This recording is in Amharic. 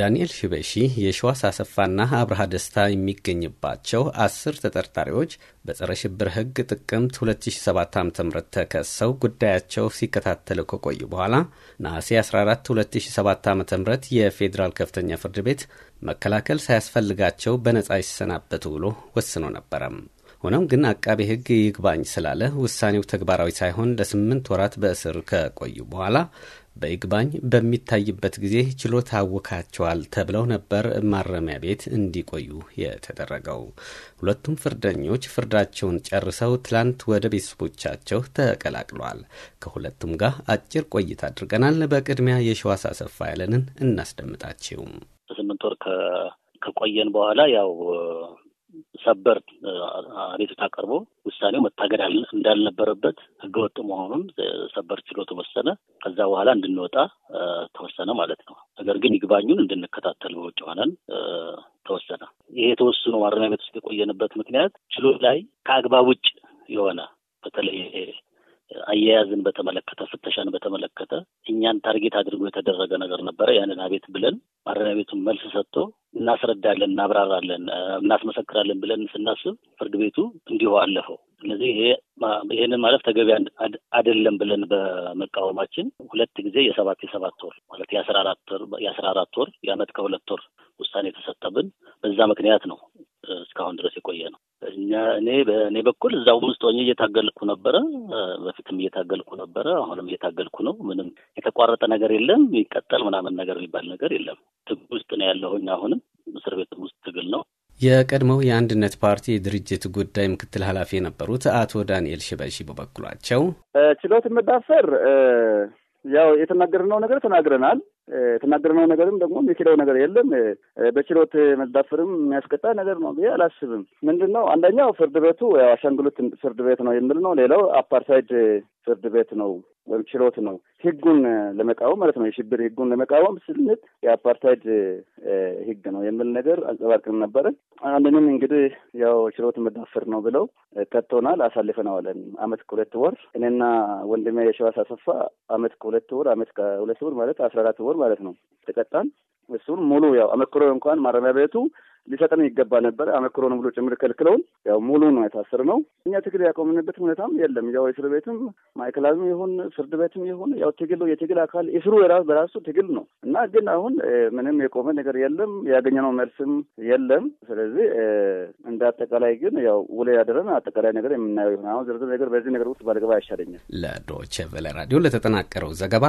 ዳንኤል ሽበሺ የሸዋስ አሰፋና አብርሃ ደስታ የሚገኝባቸው አስር ተጠርጣሪዎች በጸረ ሽብር ሕግ ጥቅምት 2007 ዓ ም ተከሰው ጉዳያቸው ሲከታተል ከቆዩ በኋላ ነሐሴ 14 2007 ዓ ም የፌዴራል ከፍተኛ ፍርድ ቤት መከላከል ሳያስፈልጋቸው በነጻ ይሰናበቱ ብሎ ወስኖ ነበረም። ሆኖም ግን አቃቤ ሕግ ይግባኝ ስላለ ውሳኔው ተግባራዊ ሳይሆን ለስምንት ወራት በእስር ከቆዩ በኋላ በይግባኝ በሚታይበት ጊዜ ችሎት አውካቸዋል ተብለው ነበር ማረሚያ ቤት እንዲቆዩ የተደረገው። ሁለቱም ፍርደኞች ፍርዳቸውን ጨርሰው ትላንት ወደ ቤተሰቦቻቸው ተቀላቅለዋል። ከሁለቱም ጋር አጭር ቆይታ አድርገናል። በቅድሚያ የሸዋስ አሰፋ ያለንን እናስደምጣችውም። ስምንት ወር ከቆየን በኋላ ያው ሰበር አቤቱታ ቀርቦ ውሳኔው መታገድ እንዳልነበረበት ህገወጥ መሆኑን ሰበር ችሎት ወሰነ። ከዛ በኋላ እንድንወጣ ተወሰነ ማለት ነው። ነገር ግን ይግባኙን እንድንከታተል በውጭ ሆነን ተወሰነ። ይሄ የተወሰኑ ማረሚያ ቤት ውስጥ የቆየንበት ምክንያት ችሎት ላይ ከአግባብ ውጭ የሆነ በተለይ አያያዝን በተመለከተ ፍተሻን በተመለከተ እኛን ታርጌት አድርጎ የተደረገ ነገር ነበረ። ያንን አቤት ብለን ማረሚያ ቤቱን መልስ ሰጥቶ እናስረዳለን፣ እናብራራለን፣ እናስመሰክራለን ብለን ስናስብ ፍርድ ቤቱ እንዲሁ አለፈው። ስለዚህ ይሄ ይህንን ማለፍ ተገቢ አይደለም ብለን በመቃወማችን ሁለት ጊዜ የሰባት የሰባት ወር ማለት የአስራ አራት ወር የአስራ አራት ወር የአመት ከሁለት ወር ውሳኔ የተሰጠብን በዛ ምክንያት ነው እስካሁን ድረስ የቆየ ነው። እኛ እኔ በእኔ በኩል እዛው ውስጥ ሆኜ እየታገልኩ ነበረ። በፊትም እየታገልኩ ነበረ። አሁንም እየታገልኩ ነው። ምንም የተቋረጠ ነገር የለም። ይቀጠል ምናምን ነገር የሚባል ነገር የለም። ትግ ውስጥ ነው ያለሁኝ። አሁንም እስር ቤትም ውስጥ ትግል ነው። የቀድሞው የአንድነት ፓርቲ የድርጅት ጉዳይ ምክትል ኃላፊ የነበሩት አቶ ዳንኤል ሽበሺ በበኩላቸው ችሎት መዳፈር ያው የተናገርነው ነገር ተናግረናል። የተናገርነው ነገርም ደግሞ የሚችለው ነገር የለም። በችሎት መዳፈርም የሚያስቀጣ ነገር ነው ብዬ አላስብም። ምንድን ነው አንደኛው ፍርድ ቤቱ ያው አሻንጉሊት ፍርድ ቤት ነው የሚል ነው። ሌላው አፓርታይድ ፍርድ ቤት ነው ወይም ችሎት ነው። ህጉን ለመቃወም ማለት ነው። የሽብር ህጉን ለመቃወም ስንል የአፓርታይድ ህግ ነው የሚል ነገር አንጸባርቅን ነበረ። አንድንም እንግዲህ ያው ችሎት መዳፈር ነው ብለው ከቶናል፣ አሳልፈነዋል። አመት ከሁለት ወር እኔና ወንድሜ የሸዋስ አሰፋ አመት ከሁለት ወር አመት ከሁለት ወር ማለት አስራ አራት ወር ወር ማለት ነው ተቀጣን። እሱን ሙሉ ያው አመክሮ እንኳን ማረሚያ ቤቱ ሊሰጠን ይገባ ነበር። አመክሮ ነው ብሎ ጭምር ከልክለውን ያው ሙሉ ነው ነው። እኛ ትግል ያቆምንበት ሁኔታም የለም። ያው እስር ቤትም ማዕከላዊም ይሁን ፍርድ ቤትም ይሁን ያው ትግል ነው። የትግል አካል እስሩ የራሱ በራሱ ትግል ነው እና ግን አሁን ምንም የቆመ ነገር የለም። ያገኘነው መልስም የለም። ስለዚህ እንደ አጠቃላይ ግን ያው ውለ ያደረን አጠቃላይ ነገር የምናየው ይሆን። አሁን ዝርዝር ነገር በዚህ ነገር ውስጥ ባልገባ አይሻለኛል። ለዶቼ ቬለ ራዲዮ ለተጠናቀረው ዘገባ